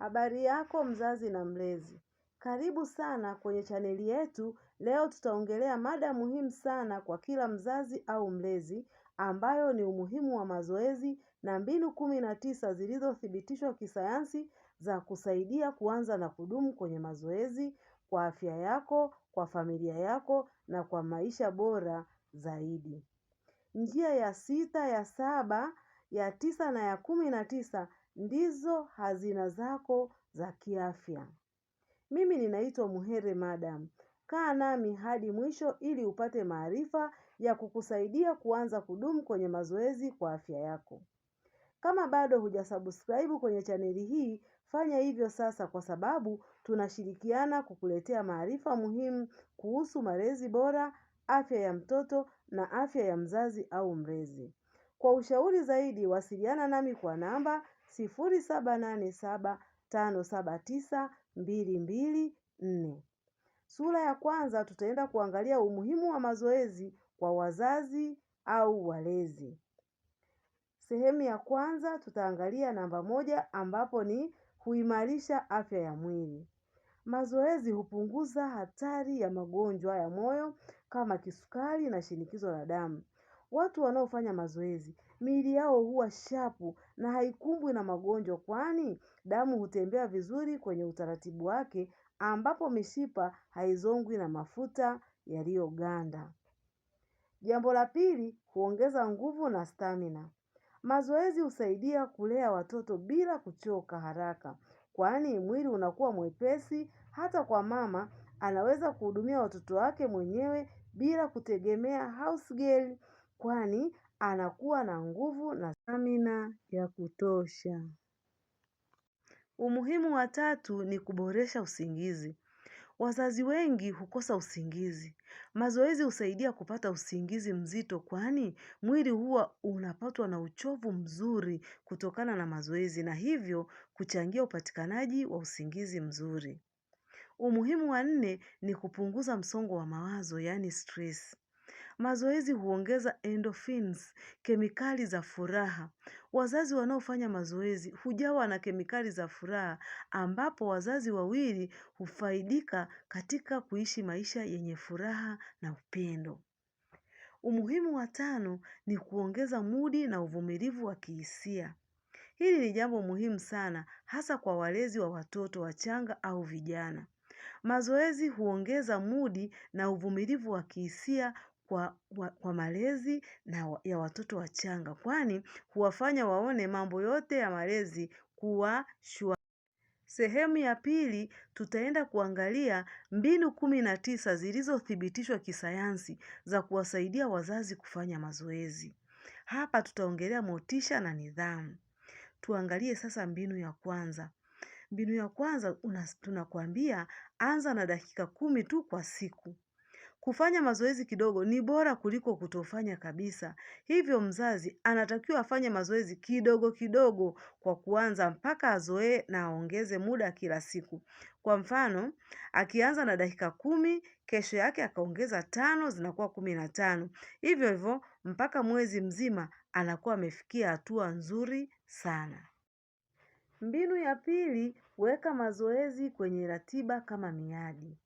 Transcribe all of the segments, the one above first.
Habari yako mzazi na mlezi. Karibu sana kwenye chaneli yetu. Leo tutaongelea mada muhimu sana kwa kila mzazi au mlezi ambayo ni umuhimu wa mazoezi na mbinu kumi na tisa zilizothibitishwa kisayansi za kusaidia kuanza na kudumu kwenye mazoezi kwa afya yako, kwa familia yako na kwa maisha bora zaidi. Njia ya sita, ya saba, ya tisa na ya kumi na tisa ndizo hazina zako za kiafya. Mimi ninaitwa Muhere Madam. Kaa nami hadi mwisho ili upate maarifa ya kukusaidia kuanza kudumu kwenye mazoezi kwa afya yako. Kama bado hujasubscribe kwenye chaneli hii, fanya hivyo sasa kwa sababu tunashirikiana kukuletea maarifa muhimu kuhusu malezi bora, afya ya mtoto na afya ya mzazi au mlezi. Kwa ushauri zaidi wasiliana nami kwa namba 0787579922 Sura ya kwanza tutaenda kuangalia umuhimu wa mazoezi kwa wazazi au walezi. Sehemu ya kwanza tutaangalia namba moja ambapo ni huimarisha afya ya mwili. Mazoezi hupunguza hatari ya magonjwa ya moyo kama kisukari na shinikizo la damu. Watu wanaofanya mazoezi miili yao huwa shapu na haikumbwi na magonjwa kwani damu hutembea vizuri kwenye utaratibu wake ambapo mishipa haizongwi na mafuta yaliyoganda. Jambo la pili, huongeza nguvu na stamina. Mazoezi husaidia kulea watoto bila kuchoka haraka kwani mwili unakuwa mwepesi hata kwa mama anaweza kuhudumia watoto wake mwenyewe bila kutegemea house girl kwani anakuwa na nguvu na stamina ya kutosha. Umuhimu wa tatu ni kuboresha usingizi. Wazazi wengi hukosa usingizi. Mazoezi husaidia kupata usingizi mzito kwani mwili huwa unapatwa na uchovu mzuri kutokana na mazoezi na hivyo kuchangia upatikanaji wa usingizi mzuri. Umuhimu wa nne ni kupunguza msongo wa mawazo yaani stress. Mazoezi huongeza endorphins, kemikali za furaha. Wazazi wanaofanya mazoezi hujawa na kemikali za furaha ambapo wazazi wawili hufaidika katika kuishi maisha yenye furaha na upendo. Umuhimu wa tano ni kuongeza mudi na uvumilivu wa kihisia. Hili ni jambo muhimu sana hasa kwa walezi wa watoto wachanga au vijana. Mazoezi huongeza mudi na uvumilivu wa kihisia kwa malezi na ya watoto wachanga kwani huwafanya waone mambo yote ya malezi kuwa shwari. Sehemu ya pili tutaenda kuangalia mbinu kumi na tisa zilizothibitishwa kisayansi za kuwasaidia wazazi kufanya mazoezi. Hapa tutaongelea motisha na nidhamu. Tuangalie sasa mbinu ya kwanza. Mbinu ya kwanza tunakuambia anza na dakika kumi tu kwa siku. Kufanya mazoezi kidogo ni bora kuliko kutofanya kabisa. Hivyo mzazi anatakiwa afanye mazoezi kidogo kidogo kwa kuanza mpaka azoee na aongeze muda kila siku. Kwa mfano, akianza na dakika kumi, kesho yake akaongeza tano, zinakuwa kumi na tano. Hivyo hivyo, mpaka mwezi mzima anakuwa amefikia hatua nzuri sana. Mbinu ya pili, weka mazoezi kwenye ratiba kama miadi.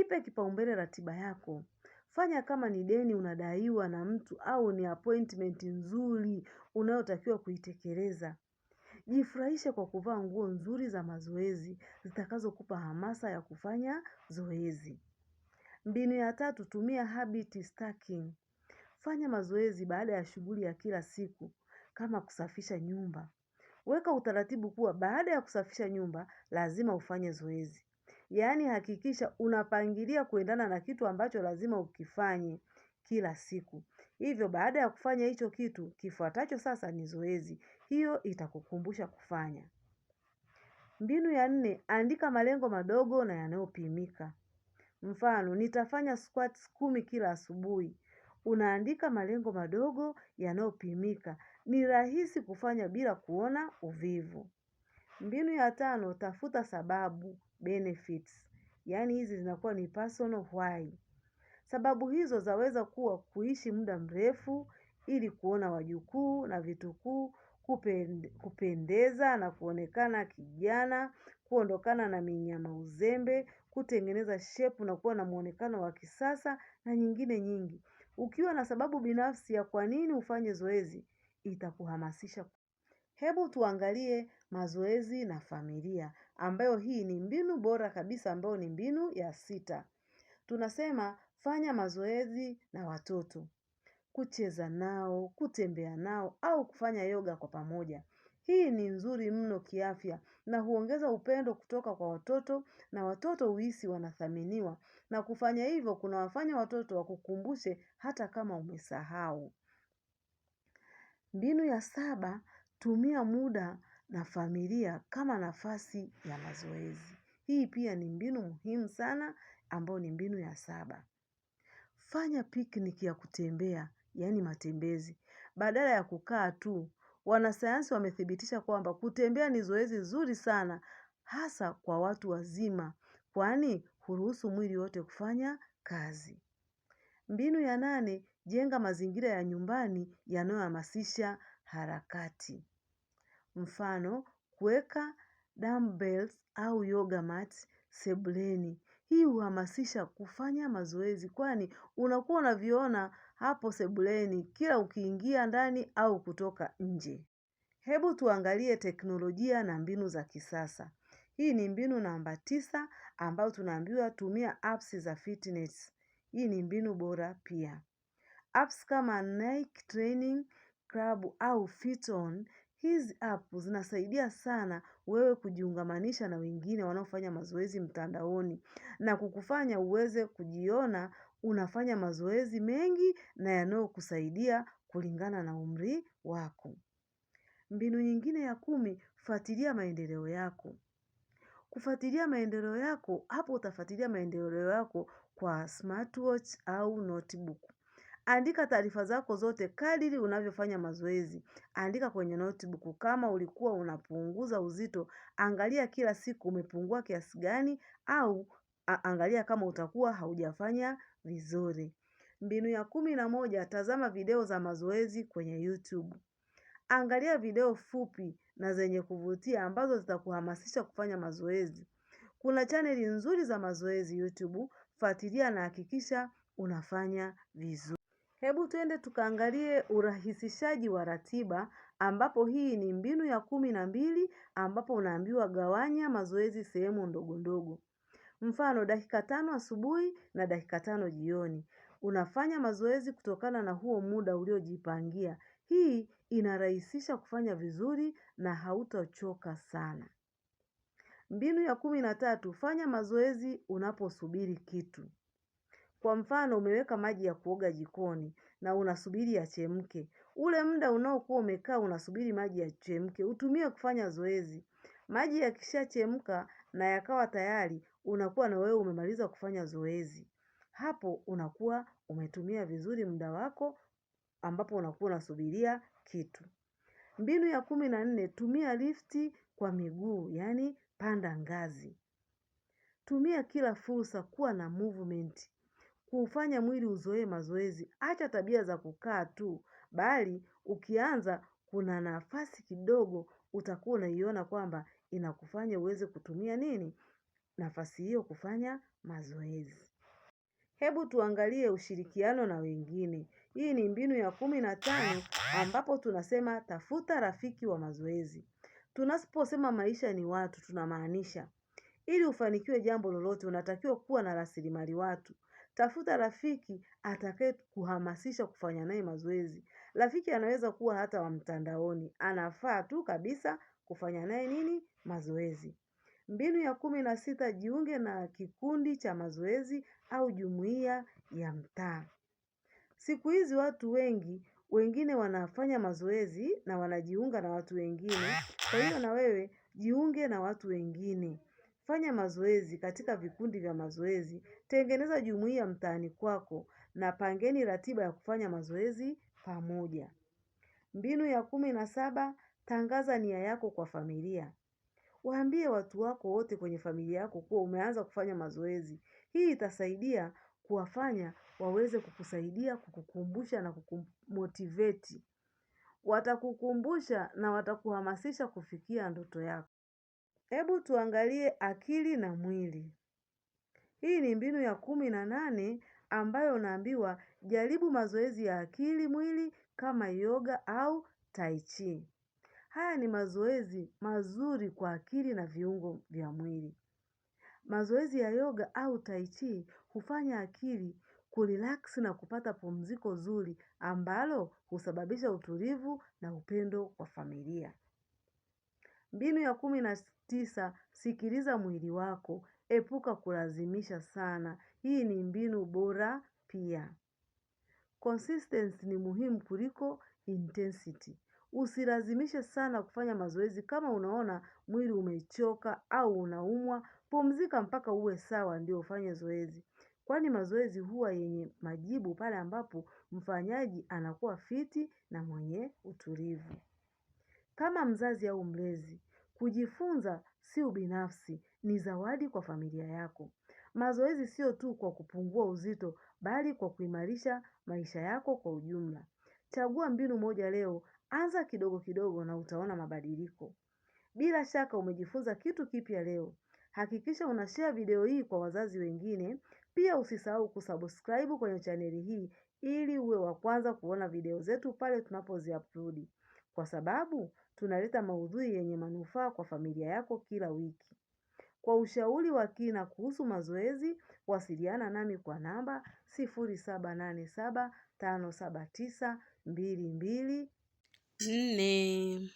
Ipe kipaumbele ratiba yako. Fanya kama ni deni unadaiwa na mtu au ni appointment nzuri unayotakiwa kuitekeleza. Jifurahishe kwa kuvaa nguo nzuri za mazoezi. Zitakazokupa hamasa ya kufanya zoezi. Mbinu ya tatu tumia habit stacking. Fanya mazoezi baada ya shughuli ya kila siku kama kusafisha nyumba. Weka utaratibu kuwa baada ya kusafisha nyumba lazima ufanye zoezi. Yaani hakikisha unapangilia kuendana na kitu ambacho lazima ukifanye kila siku. Hivyo baada ya kufanya hicho kitu kifuatacho sasa ni zoezi. Hiyo itakukumbusha kufanya. Mbinu ya nne andika malengo madogo na yanayopimika. Mfano nitafanya squats kumi kila asubuhi. Unaandika malengo madogo yanayopimika. Ni rahisi kufanya bila kuona uvivu. Mbinu ya tano, tafuta sababu benefits. Yaani hizi zinakuwa ni personal why. Sababu hizo zaweza kuwa kuishi muda mrefu ili kuona wajukuu na vitukuu, kupendeza na kuonekana kijana, kuondokana na minyama uzembe, kutengeneza shepu na kuwa na muonekano wa kisasa na nyingine nyingi. Ukiwa na sababu binafsi ya kwa nini ufanye zoezi, itakuhamasisha. Hebu tuangalie mazoezi na familia ambayo hii ni mbinu bora kabisa ambayo ni mbinu ya sita. Tunasema fanya mazoezi na watoto. Kucheza nao, kutembea nao au kufanya yoga kwa pamoja. Hii ni nzuri mno kiafya na huongeza upendo kutoka kwa watoto na watoto huhisi wanathaminiwa na kufanya hivyo kunawafanya watoto wakukumbushe hata kama umesahau. Mbinu ya saba tumia muda na familia kama nafasi ya mazoezi. Hii pia ni mbinu muhimu sana ambayo ni mbinu ya saba. Fanya picnic ya kutembea, yaani matembezi. Badala ya kukaa tu, wanasayansi wamethibitisha kwamba kutembea ni zoezi zuri sana hasa kwa watu wazima, kwani huruhusu mwili wote kufanya kazi. Mbinu ya nane, jenga mazingira ya nyumbani yanayohamasisha harakati. Mfano, kuweka dumbbells au yoga mats sebuleni. Hii huhamasisha kufanya mazoezi kwani unakuwa unaviona hapo sebuleni kila ukiingia ndani au kutoka nje. Hebu tuangalie teknolojia na mbinu za kisasa. Hii ni mbinu namba tisa ambayo tunaambiwa tumia apps za fitness. Hii ni mbinu bora pia. Apps kama Nike Training Club au Fiton Hizi app zinasaidia sana wewe kujiungamanisha na wengine wanaofanya mazoezi mtandaoni na kukufanya uweze kujiona unafanya mazoezi mengi na yanayokusaidia kulingana na umri wako. Mbinu nyingine ya kumi, fuatilia maendeleo yako. Kufuatilia maendeleo yako, hapo utafuatilia maendeleo yako kwa smartwatch au notebook. Andika taarifa zako zote kadiri unavyofanya mazoezi. Andika kwenye notebook kama ulikuwa unapunguza uzito, angalia kila siku umepungua kiasi gani au angalia kama utakuwa haujafanya vizuri. Mbinu ya kumi na moja, tazama video za mazoezi kwenye YouTube. Angalia video fupi na zenye kuvutia ambazo zitakuhamasisha kufanya mazoezi. Kuna chaneli nzuri za mazoezi YouTube, fuatilia na hakikisha unafanya vizuri. Hebu twende tukaangalie urahisishaji wa ratiba ambapo hii ni mbinu ya kumi na mbili ambapo unaambiwa gawanya mazoezi sehemu ndogo ndogo. Mfano dakika tano asubuhi na dakika tano jioni. Unafanya mazoezi kutokana na huo muda uliojipangia. Hii inarahisisha kufanya vizuri na hautachoka sana. Mbinu ya kumi na tatu, fanya mazoezi unaposubiri kitu. Kwa mfano umeweka maji ya kuoga jikoni na unasubiri yachemke. Ule muda unaokuwa umekaa unasubiri maji yachemke, utumie kufanya zoezi. Maji yakishachemka na yakawa tayari, unakuwa na wewe umemaliza kufanya zoezi. Hapo unakuwa umetumia vizuri muda wako ambapo unakuwa unasubiria kitu. Mbinu ya kumi na nne, tumia lifti kwa miguu, yaani panda ngazi. Tumia kila fursa kuwa na movement kuufanya mwili uzoee mazoezi. Acha tabia za kukaa tu, bali ukianza kuna nafasi kidogo utakuwa unaiona kwamba inakufanya uweze kutumia nini? Nafasi hiyo kufanya mazoezi. Hebu tuangalie ushirikiano na wengine. Hii ni mbinu ya kumi na tano ambapo tunasema tafuta rafiki wa mazoezi. Tunaposema maisha ni watu tunamaanisha. Ili ufanikiwe jambo lolote unatakiwa kuwa na rasilimali watu. Tafuta rafiki atakaye kuhamasisha kufanya naye mazoezi. Rafiki anaweza kuwa hata wa mtandaoni. Anafaa tu kabisa kufanya naye nini? Mazoezi. Mbinu ya kumi na sita jiunge na kikundi cha mazoezi au jumuia ya mtaa. Siku hizi watu wengi, wengine wanafanya mazoezi na wanajiunga na watu wengine. Kwa hiyo na wewe, jiunge na watu wengine. Fanya mazoezi katika vikundi vya mazoezi, tengeneza jumuiya mtaani kwako na pangeni ratiba ya kufanya mazoezi pamoja. Mbinu ya kumi na saba, tangaza nia yako kwa familia. Waambie watu wako wote kwenye familia yako kuwa umeanza kufanya mazoezi. Hii itasaidia kuwafanya waweze kukusaidia, kukukumbusha na kukumotiveti. Watakukumbusha na watakuhamasisha kufikia ndoto yako. Hebu tuangalie akili na mwili. Hii ni mbinu ya kumi na nane ambayo unaambiwa jaribu mazoezi ya akili mwili kama yoga au tai chi. Haya ni mazoezi mazuri kwa akili na viungo vya mwili. Mazoezi ya yoga au tai chi hufanya akili kurelax na kupata pumziko zuri ambalo husababisha utulivu na upendo kwa familia. Mbinu ya kumi na Tisa, sikiliza mwili wako, epuka kulazimisha sana. Hii ni mbinu bora pia. Consistency ni muhimu kuliko intensity. Usilazimishe sana kufanya mazoezi kama unaona mwili umechoka au unaumwa, pumzika mpaka uwe sawa ndio ufanye zoezi. Kwani mazoezi huwa yenye majibu pale ambapo mfanyaji anakuwa fiti na mwenye utulivu. Kama mzazi au mlezi, Kujifunza si ubinafsi, ni zawadi kwa familia yako. Mazoezi sio tu kwa kupungua uzito, bali kwa kuimarisha maisha yako kwa ujumla. Chagua mbinu moja leo, anza kidogo kidogo na utaona mabadiliko. Bila shaka umejifunza kitu kipya leo. Hakikisha unashare video hii kwa wazazi wengine, pia usisahau kusubscribe kwenye chaneli hii ili uwe wa kwanza kuona video zetu pale tunapoziupload kwa sababu tunaleta maudhui yenye manufaa kwa familia yako kila wiki. Kwa ushauri wa kina kuhusu mazoezi, wasiliana nami kwa namba 0787579224.